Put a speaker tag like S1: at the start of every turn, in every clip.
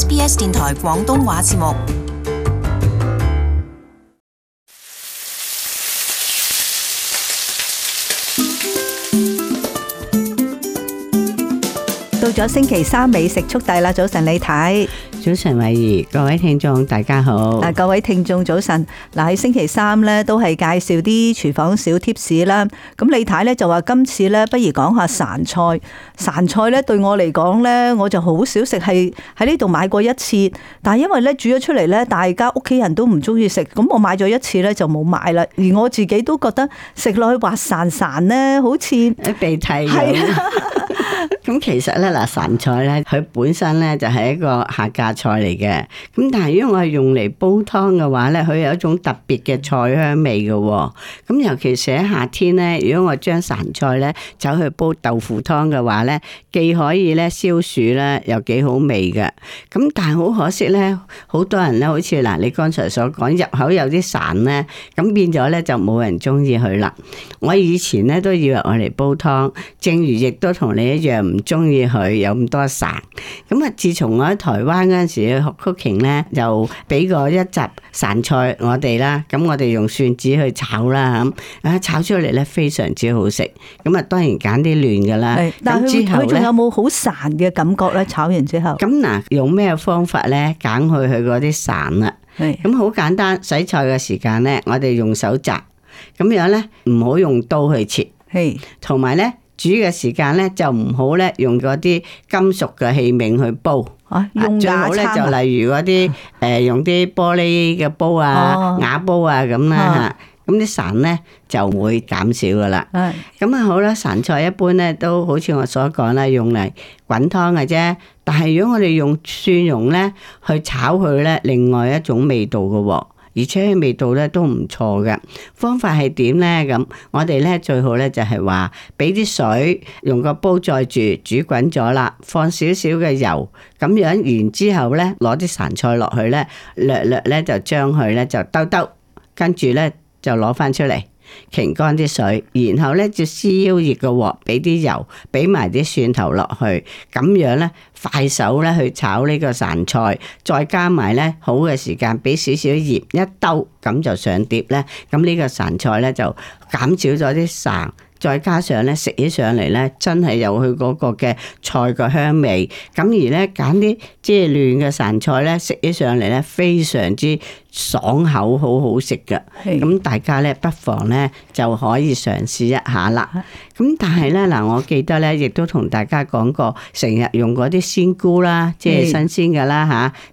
S1: SBS 電台廣東話節目，
S2: 到
S1: 咗星期三美食速遞啦！早晨，你睇。早晨，偉兒，各位聽眾大家好。誒、啊，各位聽眾早晨。嗱、啊、喺星期三咧，都係介紹啲廚房小貼士啦。咁李太咧就話，今次咧，不如講下潺菜。潺菜咧對我嚟講咧，我就好少食，係喺呢度買過一次。但係因為咧煮咗出嚟咧，大家屋企人都唔中意食，咁我買咗一次咧就冇買啦。而我自己都覺得食落去滑潺潺咧，好似
S2: 鼻涕。咁其實咧嗱，潺菜咧，佢本身咧就係一個下格菜嚟嘅，咁但係如果我係用嚟煲湯嘅話咧，佢有一種特別嘅菜香味嘅，哦。咁尤其是喺夏天咧，如果我將潺菜咧走去煲豆腐湯嘅話咧，既可以咧消暑咧又幾好味嘅。咁但係好可惜咧，好多人咧，好似嗱你剛才所講入口有啲潺咧，咁變咗咧就冇人中意佢啦。我以前咧都以為我嚟煲湯，正如亦都同你一樣唔中意佢有咁多潺。咁啊，自從我喺台灣咧。嗰陣時去學 cooking 咧，就俾過一集散菜我哋啦，咁我哋用蒜子去炒啦嚇，啊炒出嚟咧非常之好食，咁啊當然揀啲嫩嘅啦。但佢仲有冇好散嘅感覺咧？炒完之後。咁嗱、啊，用咩方法咧揀去佢嗰啲散啦、啊？係是。咁好簡單，洗菜嘅時間咧，我哋用手摘。咁樣咧唔好用刀去切。係是。同埋咧。煮嘅時間咧就唔好咧用嗰啲金屬嘅器皿去煲，啊、最好咧就例如嗰啲誒用啲玻璃嘅煲啊、啊瓦煲啊咁啦嚇。咁啲潺咧就會減少噶啦。咁啊好啦，潺菜一般咧都好似我所講啦，用嚟滾湯嘅啫。但係如果我哋用蒜蓉咧去炒，佢咧另外一種味道嘅喎。而且味道都唔錯嘅，方法係、就是、點咧？咁我哋最好就係話俾啲水，用個煲載住煮滾咗啦，放少少嘅油，咁樣完之後呢，攞啲潺菜落去咧，略略咧就將佢咧就兜兜，跟住呢就攞翻出嚟。擎乾啲水，然後咧就燒熱個鑊，俾啲油，俾埋啲蒜頭落去，咁樣咧快手咧去炒呢個潺菜，再加埋咧好嘅時間，俾少少鹽一兜，咁就上碟咧。咁、這個、呢個潺菜咧就減少咗啲潺，再加上咧食起上嚟咧，真係有佢嗰個嘅菜嘅香味。咁而咧揀啲即係嫩嘅潺菜咧，食起上嚟咧非常之～爽口好好食嘅，咁的大家咧不妨咧就可以嘗試一下啦。咁的但係咧嗱，我記得咧亦都同大家講過，成日用嗰啲鮮菇啦，即係新鮮嘅啦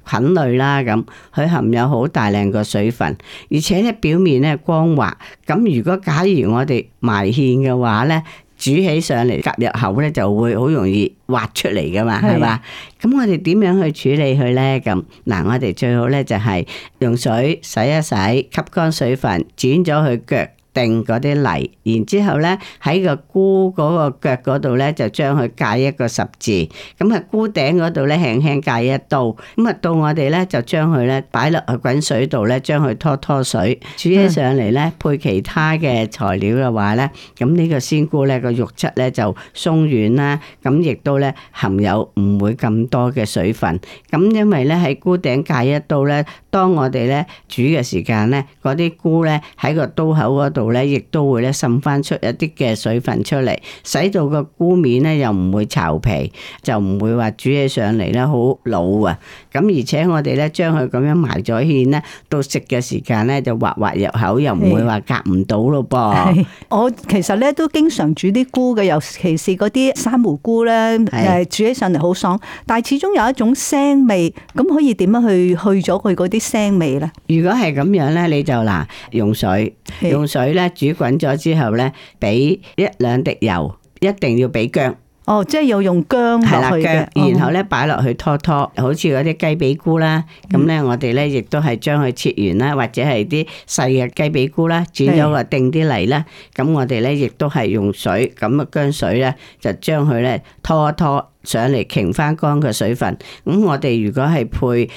S2: 吓菌類啦咁，佢含有好大量嘅水分，而且咧表面咧光滑。咁如果假如我哋埋芡嘅話咧，煮起上嚟，夾入口咧就會好容易滑出嚟㗎嘛，係嘛是的？咁我哋點樣去處理佢咧？咁嗱，我哋最好咧就係用水洗一洗，吸乾水分，轉咗佢腳，定嗰啲泥，然之後咧喺個菇嗰個腳嗰度咧就將佢界一個十字，咁啊菇頂嗰度咧輕輕界一刀，咁啊到我哋咧就將佢咧擺落去滾水度咧將佢拖拖水，煮起上嚟咧配其他嘅材料嘅話咧，咁呢個鮮菇咧個肉質咧就鬆軟啦，咁亦都咧含有唔會咁多嘅水分，咁因為咧喺菇頂界一刀咧，當我哋咧煮嘅時間咧，嗰啲菇咧喺個刀口嗰度。咧亦都會咧滲翻出一啲嘅水分出嚟，使到個菇面咧又唔會巢皮，就唔會話煮起上嚟咧好老啊。咁而且我哋咧將佢咁樣埋咗芡咧，到食嘅時間咧就滑滑入口，又唔會話夾唔到咯噃。我其實咧都經常煮啲菇嘅，
S1: 尤其是嗰啲珊瑚菇咧，誒煮起上嚟好爽。但係始終有一種腥
S2: 味，咁可以點樣去去咗佢嗰啲腥味咧？如果係咁樣咧，你就嗱用水，用水。佢咧煮滾咗之後咧，俾一兩滴油，一定要俾薑。
S1: 哦，即係要用薑落去嘅。然後
S2: 咧擺落去拖拖，哦、好似嗰啲雞髀菇啦。咁咧、嗯、我哋咧亦都係將佢切完啦，或者係啲細嘅雞髀菇啦，煮咗話定啲泥啦。咁是我哋咧亦都係用水咁嘅薑水咧，就將佢咧拖一拖。上嚟擎翻乾嘅水分，咁我哋如果係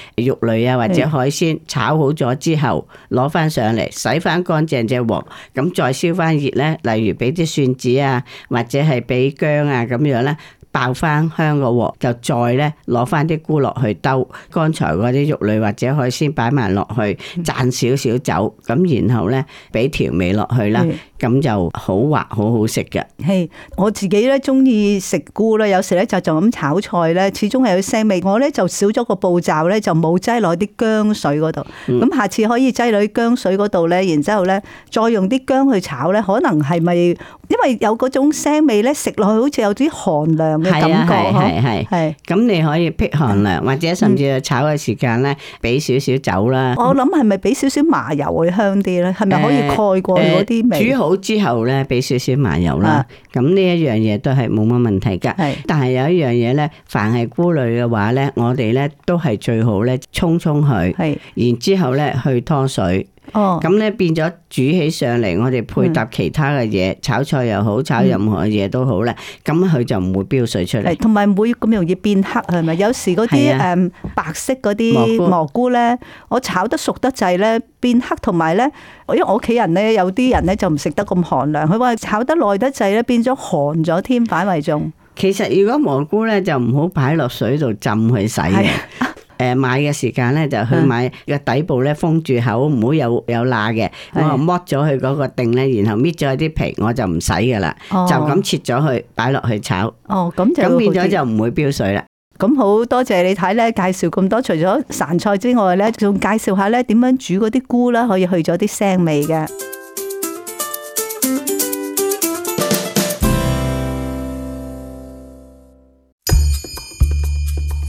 S2: 配肉類啊或者海鮮炒好咗之後，攞翻的上嚟洗翻乾淨隻鑊，咁再燒翻熱咧，例如俾啲蒜子啊或者係俾薑啊咁樣咧爆翻香個鑊，就再咧攞翻啲菇落去兜，剛才嗰啲肉類或者海鮮擺埋落去，攢少少酒，咁然後咧俾調味落去啦。咁就好滑，好好食嘅。
S1: 係，我自己咧中意食菇咧，有時咧就就咁炒菜咧，始終係有腥味。我咧就少咗個步驟咧，就冇擠落啲薑水嗰度。咁下次可以擠落啲薑水嗰度咧，然之後咧再用啲薑去炒咧，可能係咪因為有嗰種腥味咧，食落去好似有啲寒涼嘅感覺呵。係係係
S2: 係。咁你可以辟寒涼，或者甚至係炒嘅時間咧，俾少少酒啦。我諗
S1: 係咪俾少少麻油會香啲咧？係咪可以蓋過嗰啲味？煮好。
S2: 之後咧，俾少少麻油啦，咁呢一樣嘢都係冇乜問題噶。是但係有一樣嘢咧，凡係菇類嘅話咧，我哋咧都係最好咧沖沖佢，係是，然之後咧去拖水。哦，咁咧變咗煮起上嚟，我哋配搭其他嘅嘢、嗯、炒菜又好，炒任何嘢都好咧，咁佢、嗯、就唔會飆水出嚟，
S1: 同埋唔會咁容易變黑係咪？有時嗰啲誒白色嗰啲蘑菇咧，菇我炒得熟得滯咧變黑，同埋咧，因為我屋企人咧有啲人咧就唔食得咁寒涼，佢話炒得耐得滯咧變咗寒咗
S2: 添，反為重。其實如果蘑菇咧就唔好擺落水度浸去洗嘅。的 誒，買嘅時間咧就去買個底部咧封住口，唔好、嗯、有有罅嘅。我的剝咗佢嗰個定咧，然後搣咗啲皮，我就唔使噶啦，哦、就咁切咗佢，擺落去炒。
S1: 哦，咁就咁變咗就唔
S2: 會飆水啦。
S1: 咁、嗯、好多謝你睇咧介紹咁多，除咗潺菜之外咧，仲介紹下咧點樣煮嗰啲菇啦，可以去咗啲腥味嘅。